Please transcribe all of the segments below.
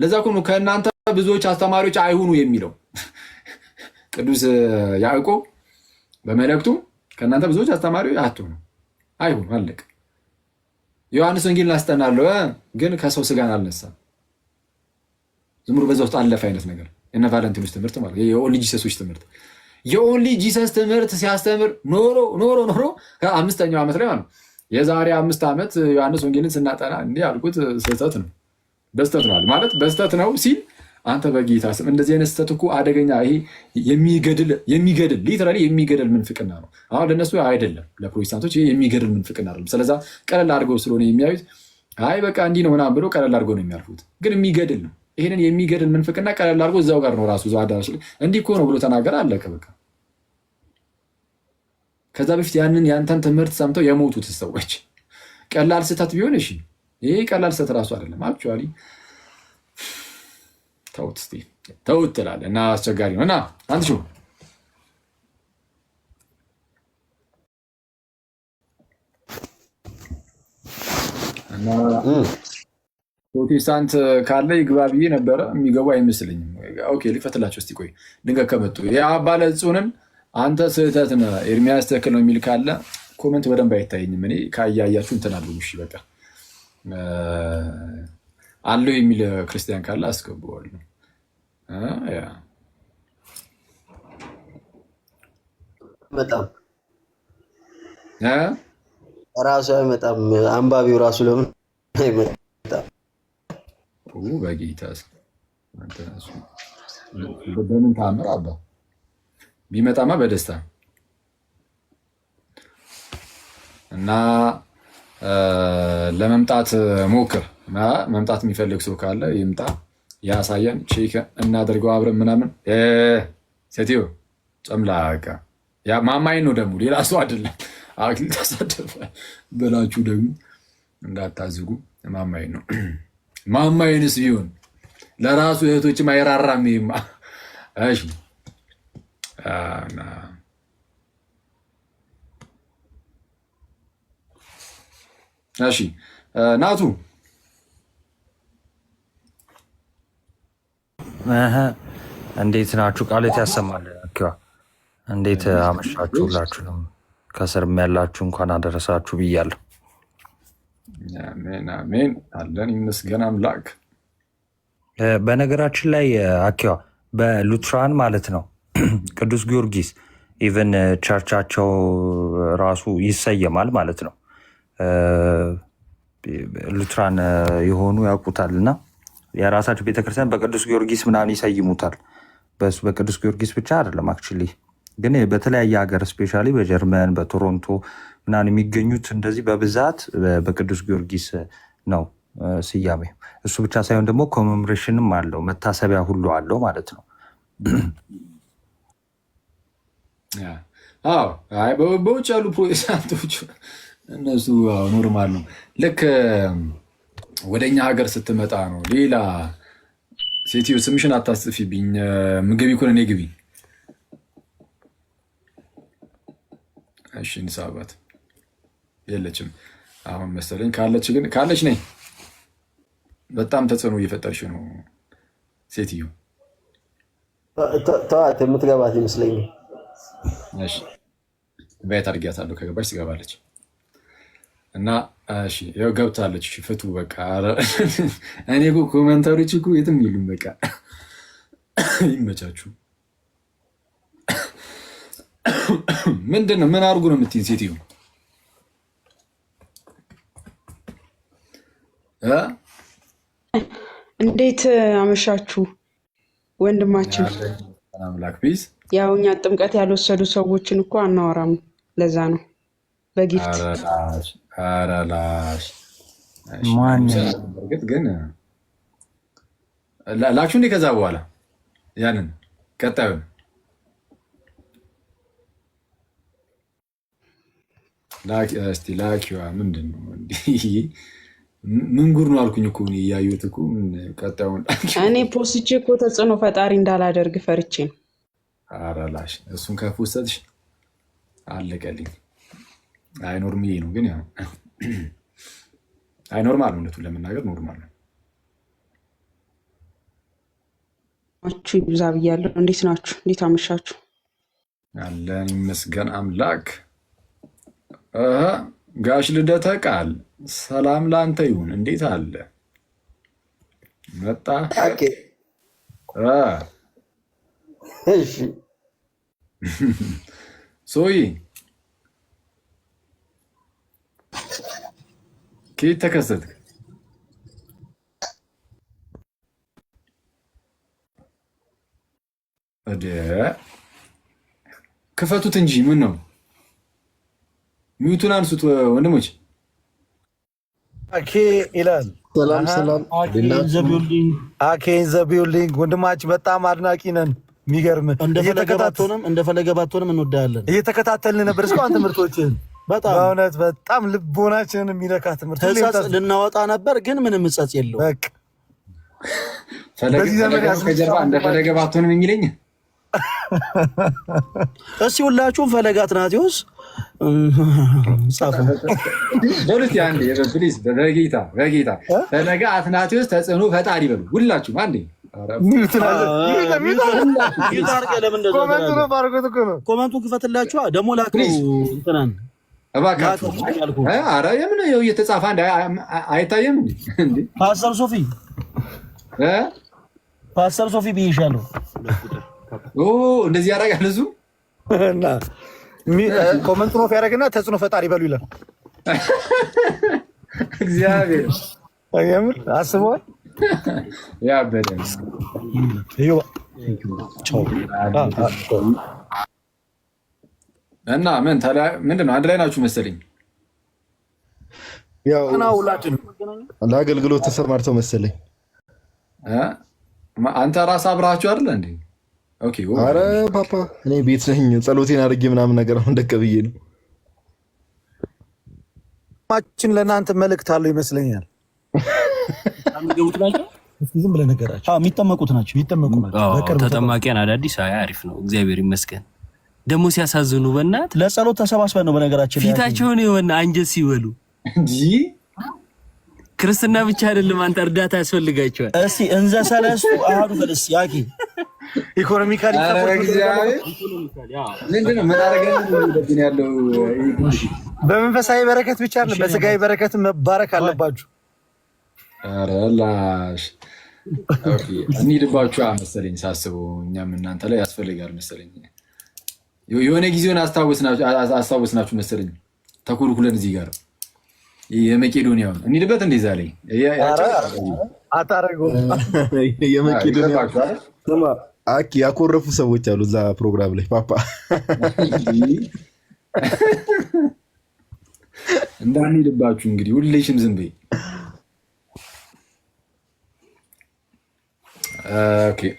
ለዛ እኮ ከእናንተ ብዙዎች አስተማሪዎች አይሁኑ የሚለው ቅዱስ ያዕቆብ በመልእክቱ ከእናንተ ብዙዎች አስተማሪዎች አትሁኑ፣ አይሁኑ፣ አለቅ። ዮሐንስ ወንጌል አስጠናለሁ፣ ግን ከሰው ስጋን አልነሳም። ዝም ብሎ በዛ ውስጥ አለፈ አይነት ነገር እነ ቫለንቲኖች ትምህርት ማለት የኦንሊ ጂሰሶች ትምህርት የኦንሊ ጂሰስ ትምህርት ሲያስተምር ኖሮ ኖሮ ኖሮ ከአምስተኛው ዓመት ላይ ማለት የዛሬ አምስት ዓመት ዮሐንስ ወንጌልን ስናጠና እንዲህ አልኩት ስህተት ነው። በስተት ነዋል ማለት በስተት ነው ሲል አንተ በጌታ ስም እንደዚህ አይነት ስተት እኮ አደገኛ፣ ይሄ የሚገድል ሊትራሊ የሚገድል ምንፍቅና ነው። አሁን ለእነሱ አይደለም፣ ለፕሮቴስታንቶች ይሄ የሚገድል ምንፍቅና አይደለም። ስለዛ ቀለል አድርገው ስለሆነ የሚያዩት አይ በቃ እንዲህ ነው ምናምን ብሎ ቀለል አድርገው ነው የሚያልፉት፣ ግን የሚገድል ነው። ይህንን የሚገድል ምንፍቅና ቀለል አድርጎ እዛው ጋር ነው ራሱ አዳራሽ ላይ እንዲህ እኮ ነው ብሎ ተናገረ፣ አለቀ በቃ። ከዛ በፊት ያንን ያንተን ትምህርት ሰምተው የሞቱት ሰዎች ቀላል ስህተት ቢሆን እሺ ይሄ ቀላል ስህተት እራሱ አይደለም። አክቹዋሊ ተውት እስኪ ተውት ትላለህ እና አስቸጋሪ ነው እና አንድ ሹ ፕሮቴስታንት ካለ ይግባ ብዬ ነበረ። የሚገቡ አይመስለኝም። ሊፈትላቸው እስኪ ቆይ ድንገት ከመጡ የአባለ ጽሁንም አንተ ስህተት ነህ ኤርሚያስ ትክክል ነው የሚል ካለ ኮመንት በደንብ አይታየኝም። እኔ ካያያችሁ እንትን አሉ። እሺ በቃ አለው የሚል ክርስቲያን ካለ አስገባዋለሁ። በጣም ራሱ አይመጣም። አንባቢው ራሱ ለምን አይመጣም? በጌታ በምን አባ ቢመጣማ በደስታ እና ለመምጣት ሞክር። መምጣት የሚፈልግ ሰው ካለ ይምጣ፣ ያሳየን፣ ቼክ እናደርገው አብረን ምናምን። ሴትዮ ጨምላቀ ማማይ ነው ደግሞ ሌላ ሰው አይደለም። አክሊል ተሳደፈ በላችሁ ደግሞ እንዳታዝጉ። ማማይ ነው። ማማይንስ ቢሆን ለራሱ እህቶችም አይራራም። ይማ እሺ እሺ ናቱ እንዴት ናችሁ? ቃሌት ያሰማል። አኪዋ እንዴት አመሻችሁ? ሁላችሁንም ከስርም ያላችሁ እንኳን አደረሳችሁ ብያለሁ። አሜን አሜን። አለን ይመስገን አምላክ። በነገራችን ላይ አኪዋ በሉትራን ማለት ነው ቅዱስ ጊዮርጊስ ኢቨን ቸርቻቸው ራሱ ይሰየማል ማለት ነው ሉትራን የሆኑ ያውቁታል እና የራሳቸው ቤተክርስቲያን በቅዱስ ጊዮርጊስ ምናምን ይሰይሙታል። በሱ በቅዱስ ጊዮርጊስ ብቻ አይደለም አክቹዋሊ ግን በተለያየ ሀገር ስፔሻሊ በጀርመን በቶሮንቶ ምናምን የሚገኙት እንደዚህ በብዛት በቅዱስ ጊዮርጊስ ነው ስያሜ። እሱ ብቻ ሳይሆን ደግሞ ኮሜሞሬሽንም አለው መታሰቢያ ሁሉ አለው ማለት ነው። አዎ በውጭ ያሉ ፕሮቴስታንቶች እነሱ ኖርማል ነው። ልክ ወደ እኛ ሀገር ስትመጣ ነው ሌላ ሴትዮ ስምሽን አታስጥፊብኝ፣ ምግቢ ኩን እኔ ግቢ እሺ። ንሳባት የለችም አሁን መሰለኝ። ካለች ግን ካለች ነኝ በጣም ተጽዕኖ እየፈጠርሽ ነው ሴትዮ። ተዋት፣ የምትገባት ይመስለኛል። ቤት አድርጊያታለሁ። ከገባች ትገባለች። እና እሺ ያው ገብታለች። እሺ ፍቱ በቃ። እኔ እኮ ኮመንታሪዎች እኮ የትም ይሉም በቃ ይመቻችሁ። ምንድን ነው ምን አድርጉ ነው የምትይኝ ሴትዮ? እንዴት አመሻችሁ ወንድማችን። አምላክ ቢዝ ያው እኛ ጥምቀት ያልወሰዱ ሰዎችን እኮ አናወራም። ለዛ ነው በጊፍት እርግጥ ግን ላችሁ እንዲ ከዛ በኋላ ያንን ቀጣዩን እስቲ ላኪዋ ምንድን ነው? ምን ጉር ነው አልኩኝ እኮ እያዩት እኮ ቀጣዩን እኔ ፖስቼ እኮ ተጽዕኖ ፈጣሪ እንዳላደርግ ፈርቼ ነው። ኧረ እሱን ከፍ ውሰትሽ አለቀልኝ። አይ ኖርም ነው ግን ያው አይ ኖርማል ነው። እውነቱን ለመናገር ኖርማል ነው። ይብዛ ብያለሁ። እንዴት ናችሁ? እንዴት አመሻችሁ? አለን ይመስገን አምላክ። ጋሽ ልደተ ቃል ሰላም ለአንተ ይሁን። እንዴት አለ መጣ ሶይ ከየት ተከሰትክ? ክፈቱት እንጂ ምን ነው? ሚዩቱን አንሱት ወንድሞች። አኬ ይላል። ሰላም ሰላም። አኬ ኢንዘ ቢውልዲንግ ወንድማችን፣ በጣም አድናቂ ነን። የሚገርም እንደፈለገ ባትሆንም እንደፈለገ ባትሆንም እንወዳለን። እየተከታተልን ነበር እስካሁን ትምህርቶችን በእውነት በጣም ልቦናችንን የሚለካ ትምህርት ተጻጽ ልናወጣ ነበር፣ ግን ምንም እጻጽ የለው። በቃ ከጀርባ እንደ ፈለገ ባትሆንም የሚለኝ እስቲ ሁላችሁም ፈለገ አትናቴዎስ በሉት አንዴ። ፕሊዝ በጌታ በጌታ ፈለገ አትናቴዎስ ተጽዕኖ ፈጣሪ በሉ ሁላችሁም አንዴ። ኮመንቱ ክፈትላችኋ ደግሞ ላክ እንትናን እባክህ የምን እየተጻፈ አይታየም? ፓስተር ሶፊ ፓስተር ሶፊ ብዬሻለሁ። እንደዚህ ያደርጋል እሱ ኮመንት ኖፍ ያደርግና ተጽዕኖ ፈጣሪ በሉ ይላል። እግዚአብሔር የምር አስበዋል። ያበደ እና ምን ምንድን ነው አንድ ላይ ናችሁ መሰለኝ። ያው ለአገልግሎት ተሰማርተው መሰለኝ። አንተ ራስ አብረሃችሁ አይደለ እንዴ? አረ ፓፓ እኔ ቤት ነኝ፣ ጸሎቴን አድርጌ ምናምን ነገር አሁን ደቀ ብዬ ነው። ማችን ለእናንተ መልእክት አለው ይመስለኛል። ዝም ብለህ ነገራቸው። የሚጠመቁት ናቸው፣ ይጠመቁ ናቸው። ተጠማቂያን አዳዲስ አሪፍ ነው። እግዚአብሔር ይመስገን። ደግሞ ሲያሳዝኑ በእናት ለጸሎት ተሰባስበን ነው። በነገራችን ፊታቸውን የሆነ አንጀት ሲበሉ ክርስትና ብቻ አይደለም፣ አንተ እርዳታ ያስፈልጋቸዋል። እስቲ እንዘ ሰለስቱ አሐዱ ፈለስቲ ያኪ ኢኮኖሚካሊ በመንፈሳዊ በረከት ብቻ ነው፣ በስጋዊ በረከት መባረክ አለባችሁ። አረላሽ እንሂድባችሁ መሰለኝ ሳስበው፣ እኛም እናንተ ላይ ያስፈልጋል መሰለኝ የሆነ ጊዜውን አስታወስናችሁ መሰለኝ። ተኩልኩለን እዚህ ጋር የመቄዶኒያ እንሂድበት እንዴ ዛሬ አታረጉም። አኪ ያኮረፉ ሰዎች አሉ እዛ ፕሮግራም ላይ ፓፓ እንዳንሄድባችሁ እንግዲህ ሁሌሽም ዝም በይ።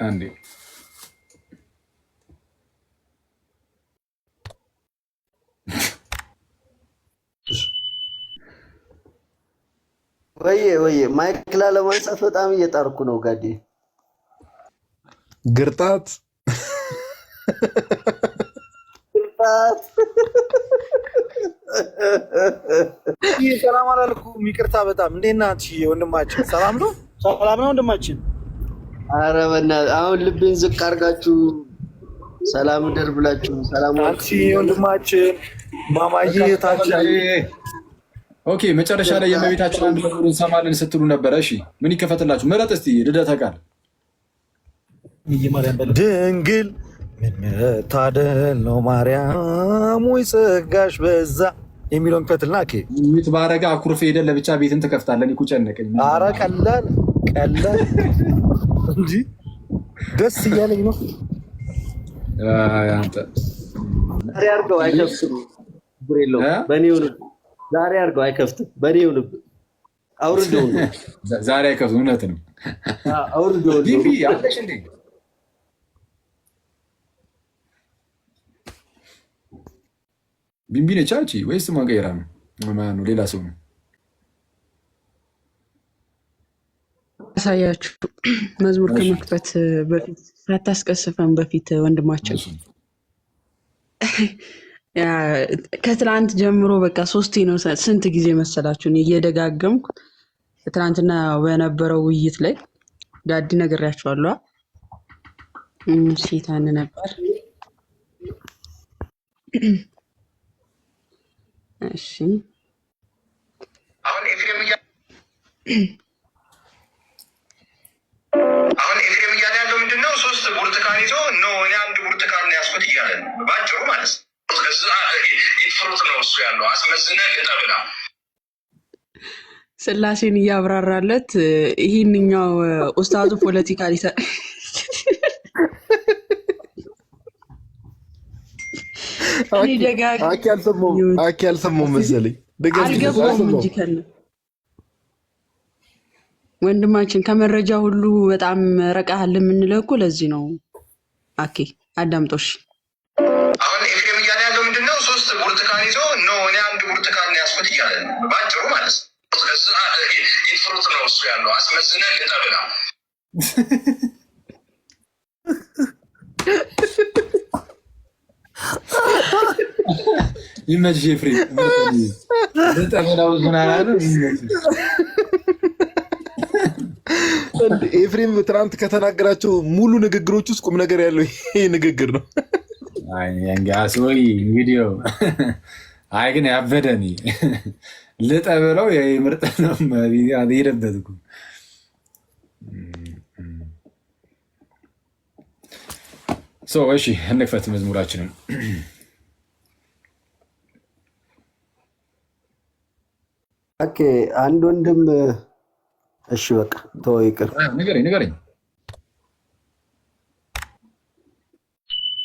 አንዴ ወይዬ ወይዬ ማይክ ላለማንሳት በጣም እየጣርኩ ነው። ጋዴ ግርጣት ግርጣት ሰላም አላልኩም፣ ይቅርታ በጣም እንዴት ናት ወንድማችን? ሰላም ነው፣ ሰላም ነው ወንድማችን። አረ በእናትህ አሁን ልቤን ዝቅ አድርጋችሁ ሰላም ደር ብላችሁ ሰላም ወንድማችን ማማዬ ታች ኦኬ መጨረሻ ላይ የመቤታችን አንድ መዝሙር እንሰማለን ስትሉ ነበረ። እሺ ምን ይከፈትላችሁ? ምረጥ እስቲ ልደተ ቃል ድንግል ምን ምታደል ነው ማርያም ወይ ጸጋሽ በዛ የሚለውን ይከፈትልና ሚት ባረጋ አኩርፌ ሄደን ለብቻ ቤትን ትከፍታለን። ይኩ ጨነቀኝ። ኧረ ቀላል ቀላል እንጂ ደስ እያለኝ ነው። ያንተ ያርገው አይከፍትም ብሬለው በእኔ ሆነ ዛሬ አድርገው አይከፍትም። በእኔ ይሁንብ አውርደው ዛሬ አይከፍትም። እውነት ነው። አውርደው አለሽ እንዴ? ቢንቢ ነች አንቺ ወይስ ማገራ ነው? ሌላ ሰው ነው ያሳያችሁ። መዝሙር ከመክፈት በፊት ሳታስቀስፈን በፊት ወንድማችን ከትላንት ጀምሮ በቃ ሶስቴ ነው ስንት ጊዜ መሰላችሁን እየደጋገምኩ ትላንትና በነበረው ውይይት ላይ ጋዲ ነግሬያቸዋለሁ። ሴታን ነበር እሺ ስላሴን እያብራራለት ይህንኛው ኡስታዙ ፖለቲካ ሊሰ አኬ አልሰማሁም መሰለኝ አልገባሁም እንጂ ከነ ወንድማችን ከመረጃ ሁሉ በጣም ረቃህል የምንለው እኮ ለዚህ ነው። አኬ አዳምጦሽ አሁን ኤፍሬም እያለ ያለው ምንድን ነው? ሶስት ብርቱካን ይዞ ባጭሩ ማለት ነው። ኢንፍሩት ነው እሱ ያለው አስመዝነ ልጠብና ይመች ፍሪ ኤፍሬም ትናንት ከተናገራቸው ሙሉ ንግግሮች ውስጥ ቁም ነገር ያለው ይሄ ንግግር ነው። አይ እንግዲህ አይ ግን ያበደኒ ልጠብለው የምርጥ ነው ሄደበት እኮ እሺ እንክፈት መዝሙራችንም ኦኬ አንድ ወንድም እሺ በቃ ተወው ይቅር ንገረኝ ንገረኝ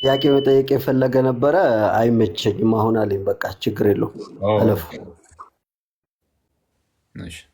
ጥያቄ መጠየቅ የፈለገ ነበረ አይመቸኝም አሁን አለኝ በቃ ችግር የለውም አለፉ ночь.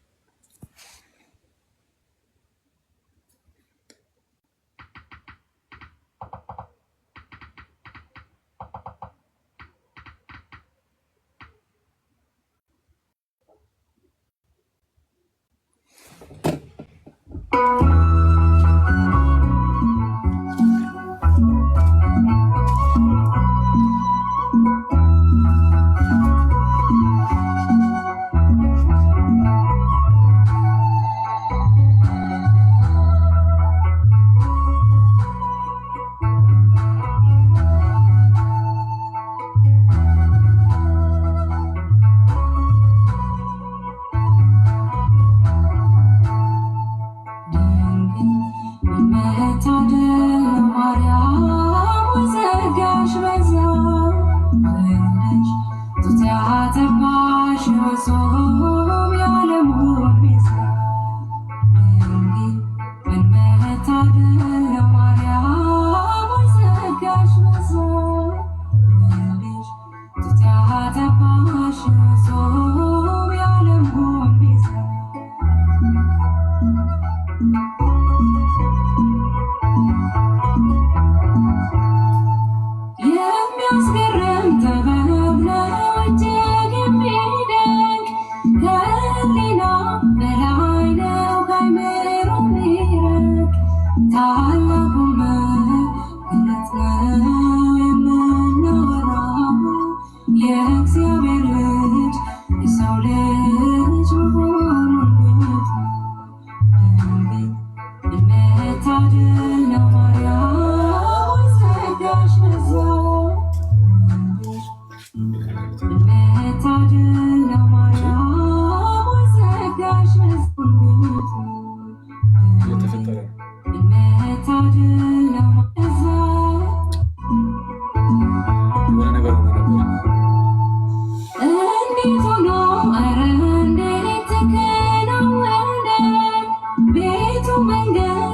Música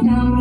那。